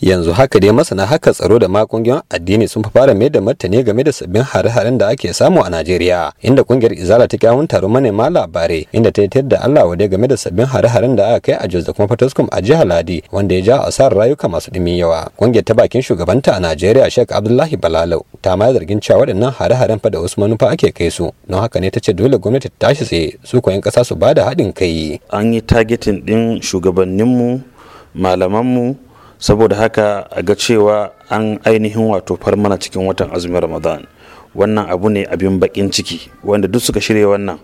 yanzu haka dai masana haka tsaro da ma kungiyar addini sun fara mai da martani game da sabbin hare-haren da ake samu a Najeriya inda kungiyar Izala ta kyawun taron manema labarai inda ta yi da Allah wade game da sabbin hare-haren da aka kai a Jos da kuma Fatoskum a jihar Ladi wanda ya ja asarar rayuka masu dimin yawa kungiyar ta bakin shugabanta a Najeriya Sheikh Abdullahi Balalau ta ma zargin cewa waɗannan hare-haren fa da wasu manufa ake kai su don haka ne ta ce dole gwamnati ta tashi tsaye su koyan ƙasa su bada haɗin kai an yi targeting ɗin shugabanninmu malamanmu saboda haka a ga cewa an ainihin wato far mana cikin watan azumin ramadan wannan abu ne abin bakin ciki wanda duk suka shirya wannan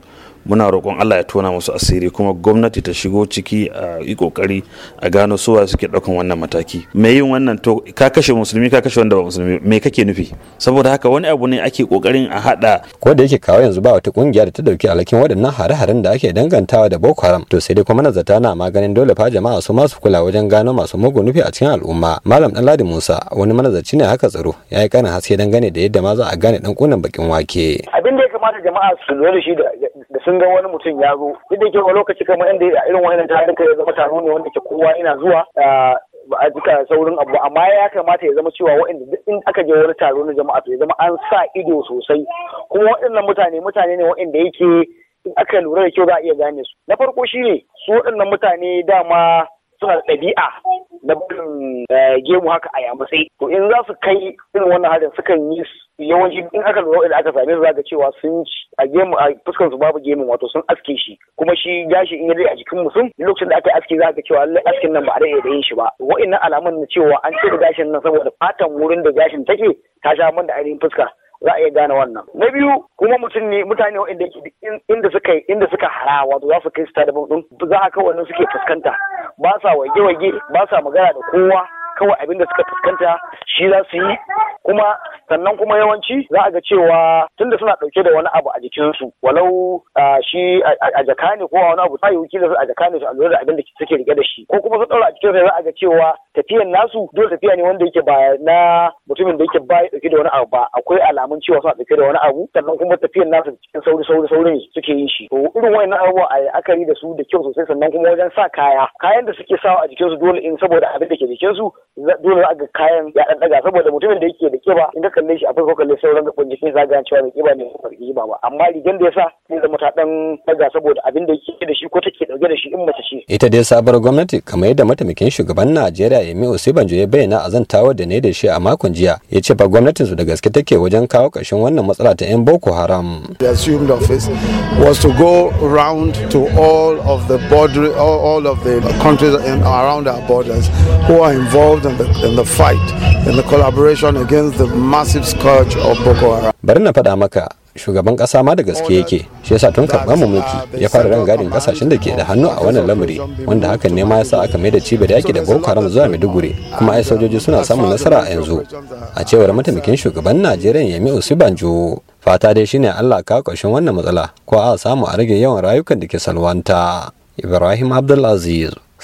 muna roƙon allah ya tona musu asiri kuma gwamnati ta shigo ciki a yi kokari a gano suwa suke ɗaukan wannan mataki me yin wannan to ka kashe musulmi ka kashe wanda ba musulmi me kake nufi saboda haka wani abu ne ake kokarin a haɗa. ko da yake kawo yanzu ba wata kungiya da ta dauki alhakin waɗannan hare-haren da ake dangantawa da boko haram to sai dai kuma nazarta na maganin dole fa jama'a su masu kula wajen gano masu mugun nufi a cikin al'umma malam ladi musa wani manazarci ne haka tsaro ya yi ƙarin haske dangane da yadda ma za a gane dan kunan bakin wake abin da kamata jama'a su lura da shi da sun ga wani mutum ya zo duk da ke wani lokaci kamar inda irin wannan taruka ya zama taro ne wanda ke kowa ina zuwa ba a jika saurin abu amma ya kamata ya zama cewa waɗanda duk in aka je wani taro na jama'a to ya zama an sa ido sosai kuma waɗannan mutane mutane ne waɗanda yake in aka lura da kyau za a iya gane su na farko shi ne su waɗannan mutane dama suna da ɗabi'a na barin eh, gemu haka a yamutse to in za su kai irin wannan harin sukan yi yawanci in aka lura da aka same su zaka cewa sun a gemu a fuskan su babu gemu wato sun aske shi kuma shi gashi in ya a jikin mutum lokacin da aka aske ga cewa lallai askin nan ba a da yin shi ba wa'annan alamun na cewa an cire gashin nan saboda fatan wurin da gashin take ta sha man da ainihin fuska za a iya gane wannan na biyu kuma mutum ne mutane waɗanda yake inda suka inda suka hara wato za su kai su tada din za a kawai suke fuskanta ba sa wage-wage ba sa magana da kowa kawai abin da suka fuskanta shi za su yi kuma sannan kuma yawanci za a ga cewa tun da suna dauke da wani abu a jikinsu walau shi a jaka ne ko wani abu sai wuki da su a jaka ne su lura da abin da suke rike da shi ko kuma su daura a cikin za a ga cewa tafiyan nasu dole tafiya ne wanda yake ba na mutumin da yake ba ya dauke da wani abu ba akwai alamun cewa suna dauke da wani abu sannan kuma tafiyan nasu cikin sauri sauri sauri ne suke yin shi to irin wayannan abubuwa a akari da su da kyau sosai sannan kuma wajen sa kaya kayan da suke sawa a jikinsu dole in saboda abin da ke jikinsu dole za a ga kayan ya dan daga saboda mutumin da yake da kiba in ka kalle shi akwai ko kalle sauran gaban jikin za ga cewa mai kiba ne ko bai ba amma rigan da ya sa zai zama ta ɗan daga saboda abin da yake da shi ko take dauke da shi in mace ce ita dai sabar gwamnati kamar yadda mataimakin shugaban Najeriya ya Yemi Osibanjo ya bayyana a zan zantawar da ne da shi a makon jiya ya ce ba gwamnatin su da gaske take wajen kawo ƙarshen wannan matsala ta 'yan Boko Haram. The assumed office was to go round to all of the border all of the countries around our borders who are involved in the, in the fight in the collaboration against the massive scourge of Boko Haram. Bari na faɗa maka shugaban ƙasa ma da gaske yake shi yasa tun karɓar mu mulki ya fara rangadin ƙasashen da ke da hannu a wannan lamari wanda hakan ne ma yasa aka mai da cibiyar yaki da boko haram zuwa maiduguri kuma ai sojoji suna samun nasara a yanzu a cewar mataimakin shugaban najeriya yemi osibanjo fata dai shine allah ka ƙarshen wannan matsala ko a samu a rage yawan rayukan da ke salwanta ibrahim abdulaziz